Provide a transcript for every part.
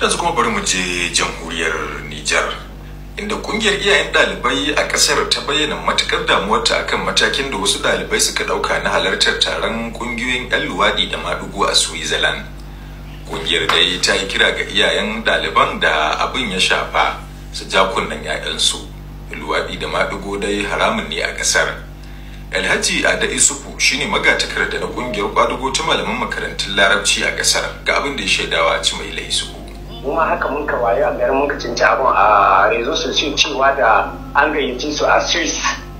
yanzu kuma bari mu je jamhuriyar Nijar inda kungiyar iyayen dalibai a kasar ta bayyana matukar ta akan matakin da wasu dalibai suka dauka na halartar taron kungiyoyin yan luwadi da madugu a Switzerland. Kungiyar dai ta yi kira ga iyayen daliban da abin ya shafa su ja kunnen 'ya'yansu. Luwadi da madugu dai haramun ne a kasar. Alhaji Ada Isufu shine magatakarda na kungiyar kwadugo ta malaman makarantun Larabci a kasar ga abin da ya shaidawa ci mai laisu. mu ma haka mun ka wayo a garin mun ka cinci a rezo su ce cewa da an gayyace su a swiss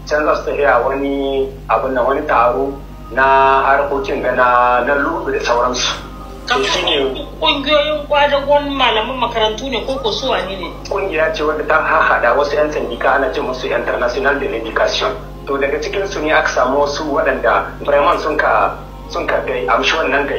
can za su tafiya wani abin na wani taro na harkokin gana na lubu da sauransu kungiyoyin Ƙungiyoyin kwadagon malaman makarantu ne ko su wane ne? kungiya ce wadda ta haɗa wasu 'yan sandika ana ce musu international delegation. To daga cikin su ne aka samu wasu waɗanda Bremen sun ka sun ka gai amshi wannan ta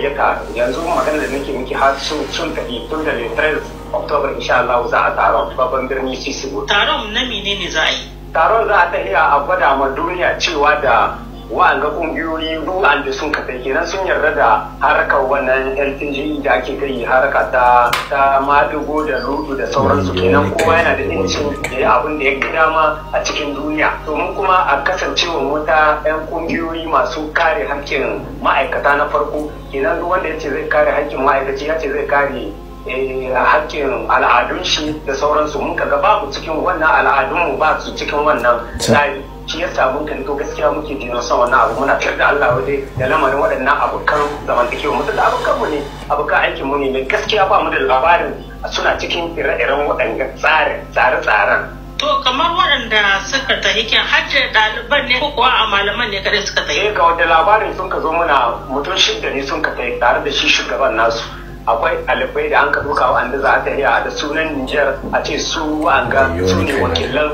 yanzu magana da nake miki har sun sun tafi tun da le 13 October insha Allah za a taro babban birni sisi Taron na menene za a yi? Taron za a iya a gwada ma duniya cewa da wa'anga ƙungiyoyi wa'anda sun kafa kenan sun yarda da harkar wannan ltg da ake kai harka ta ta madugo da rudu da sauransu kenan kuma yana da inci da abin da ya ga dama a cikin duniya domin kuma a kasancewa mota yan ƙungiyoyi masu kare hakkin ma'aikata na farko kenan duk wanda yace zai kare hakkin ma'aikaci ya ce zai kare eh, hakkin al'adun shi da sauransu mun kaga babu cikin wannan al'adunmu ba su cikin wannan tsari shi yasa abun kan to gaskiya muke dino sama na abu muna tare da Allah waje da lamarin waɗannan abokan zamantakewa mutum da abokan mu ne abokan aikin mu ne mai gaskiya ba mu da labarin suna cikin ire-iren waɗannan tsare-tsaren To kamar waɗanda suka tafi kin hajji ɗaliban ne ko kuwa a malaman ne kadai suka tafi? Eh ga wanda labarin sun ka zo muna mutum da ne sun ka tafi tare da shi shugaban nasu. akwai alifai da an ka duka wa'anda za a da sunan Nijar a ce su wa'anga su ne wakilan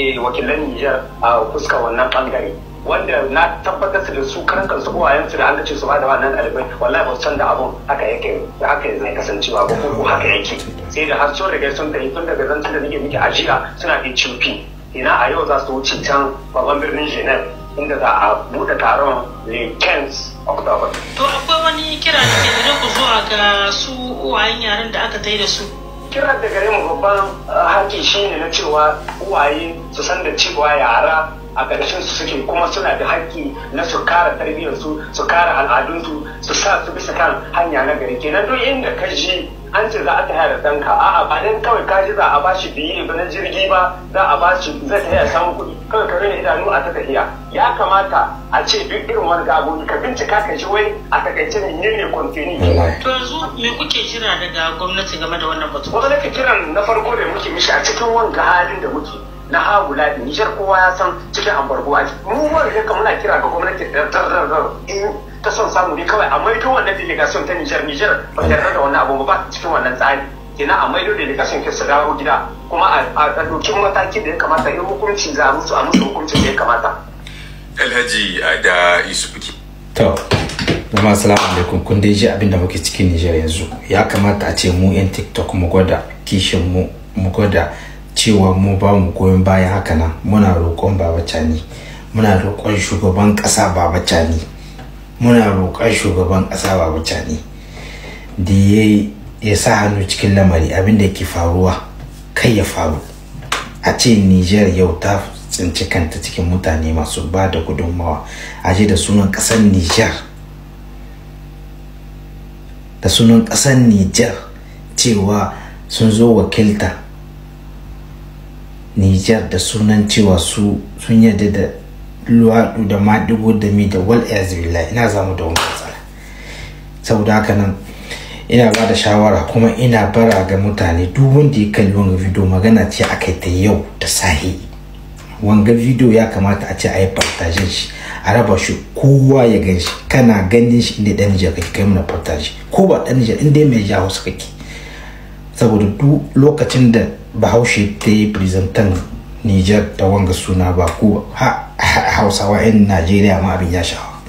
Eh, wakilan Nijar a fuska wannan bangare wanda na tabbatar da su karan kansu a su da an ce su ba da wannan ɗalibai wallahi ba su san da abun haka yake haka zai kasancewa ba ko haka yake sai da har sun riga sun tafi tun daga zancen da nake miki ajiya suna cimfi ina a yau za su wuce can babban birnin Geneva inda za a bude taron le 15 october to akwai wani kira da ke ku zuwa ga su uwayen yaran da aka tai da su kiran da gare mu babban eh, haƙƙi shine na cewa uwaye su san da cewa yara a ƙarshen su suke kuma suna da haƙƙi na su kara tarbiyyar su su kara al'adunsu su sa su bisa kan hanya na gari kenan duk inda ka ji an ce za a ta da ɗanka a'a ba dan kawai ka ji za a ba shi biye ba na jirgi ba za a ba shi zai a samun kuɗi kawai ka rena idanu a ta tafiya ya kamata a ce duk irin wani gabobi ka bincika ka ji wai a takaice ne ne ne kwamfani to yanzu me kuke jira daga gwamnati game da wannan batu gwamnati kiran na farko da muke mishi a cikin wanga halin da muke na haula da nijar kowa ya san cikin ambargo a cikin ma da na kira ga gwamnati da tarrarar in ta son samu ne kawai a maido wannan delegation ta nijar nijar ba ta da wannan abu ba cikin wannan tsari kenan a maido delegation ke su dawo gida kuma a ɗauki matakin da ya kamata yin hukunci za a musu a musu hukuncin da ya kamata. Alhaji da Yusuf To, jama'a alaikum kun dai ji abin da muke cikin Nijar yanzu ya kamata a ce mu 'yan TikTok mu gwada kishin mu mu gwada cewa mu ba mu goyon bayan haka nan muna roƙon baba cani muna roƙon shugaban ƙasa baba cani muna roƙon shugaban ƙasa baba cani da ya sa hannu cikin lamari abin da ke faruwa kai ya faru a ce niger yau ta tsinci kanta cikin mutane masu ba da gudunmawa a da sunan ƙasar niger da sunan ƙasar niger cewa sun zo wakilta nijar da sunan cewa su sun yadda da luwaɗu da maɗigo da mi da wal ina zama da wani matsala saboda haka nan ina ba da shawara kuma ina bara ga mutane duk wanda ya kalli wanga video magana ce a kai ta yau da sahi wanga video ya kamata a ce a yi partajen shi a raba shi kowa ya gan shi kana ganin shi inda ɗan nijar kai mana partaje ko ba ɗan nijar inda mai jawo su kake saboda duk lokacin da bahaushe ta yi firizantan nijar da wanga suna ba ko hausawa 'yan najeriya ma abin ya sha'awa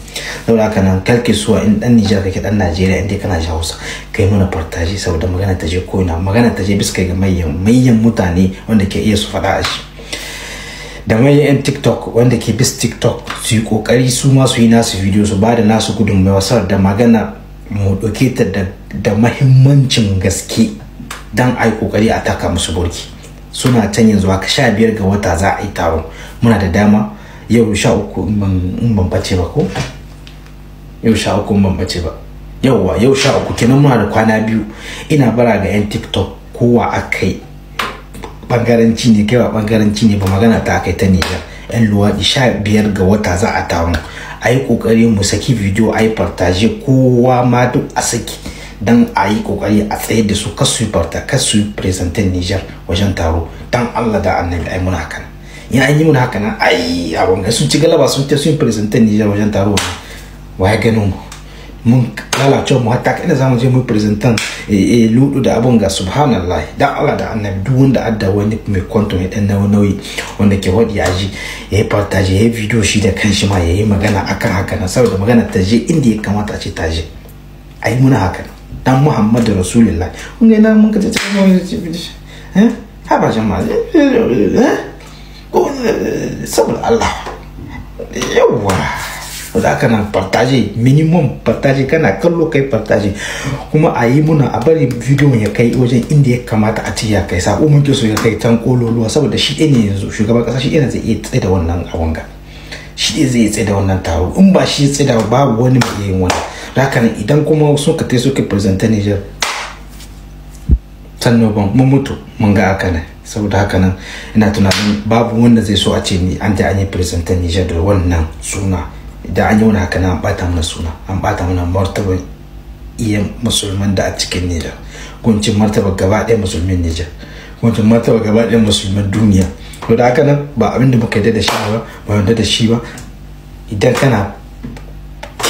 da haka nan kalke suwa in dan Nijar kake dan Najeriya inda kana ji Hausa kai mana fartaji saboda magana ta je koina magana ta je biska ga mayyan mayyan mutane wanda ke iya su faɗa a shi da mayyan yan TikTok wanda ke bis TikTok su yi kokari su ma yi nasu video su ba da nasu gudunmawa da magana mu ɗauke ta da mahimmancin gaske don a yi kokari a taka musu burki suna can yanzu haka sha biyar ga wata za a yi taron muna da dama yau sha uku in ban bace ba ko yau sha uku in ban bace ba yauwa yau sha uku kenan muna da kwana biyu ina bara ga yan tiktok kowa a kai bangaranci ne kai ba bangaranci ne ba magana ta kai ta nijar yan luwaɗi sha biyar ga wata za a taron a yi ƙoƙari mu saki bidiyo a yi kowa ma duk a saki dan a yi kokari a tsaye da su ka su barta ka su presentin Niger wajen taro don Allah da annabi ai muna hakan ya an yi muna hakan ai a wanga sun ci galaba sun ta sun presentin Niger wajen taro waya ganin mu mun lalace mu hatta kai da mu je mu presentin eh, eh ludu da abun ga subhanallah dan Allah da annabi duk wanda adda wani mai kwanto mai dan nawa nauyi wanda ke wadi ya ji ya yi partage ya yi video shi da kan shi ma ya yi magana akan haka na saboda magana ta je inda ya kamata a ce ta je ai muna haka dan muhammad da rasulullah mun ga ina mun ka ce eh ha ba jama'a eh ko eh, saboda Allah yawa da aka nan partage minimum partage kana kallo kai partage kuma a yi muna a bari bidiyon ya kai wajen inda ya kamata a tiya kai sa umun mun so ya kai tan kololuwa saboda shi ne yanzu shugaban kasa shi ne zai iya tsaye da wannan abun ga shi ne zai tsaye da wannan taro in ba shi tsaye da babu wani mai yin wani da haka idan kuma suka te suke presenta Niger sannoban mun mutu mun ga haka nan saboda haka nan ina tunanin babu wanda zai so a ce ni an ta an yi presenta Niger da wannan suna da an yi wani haka nan an bata mana suna an bata mana martaban iya musulman da a cikin Niger kuncin martaba gaba ɗaya musulmin Niger kuncin martaba gaba ɗaya musulmin duniya to da haka nan ba abin da muka yi da shi ba ba yadda da shi ba idan kana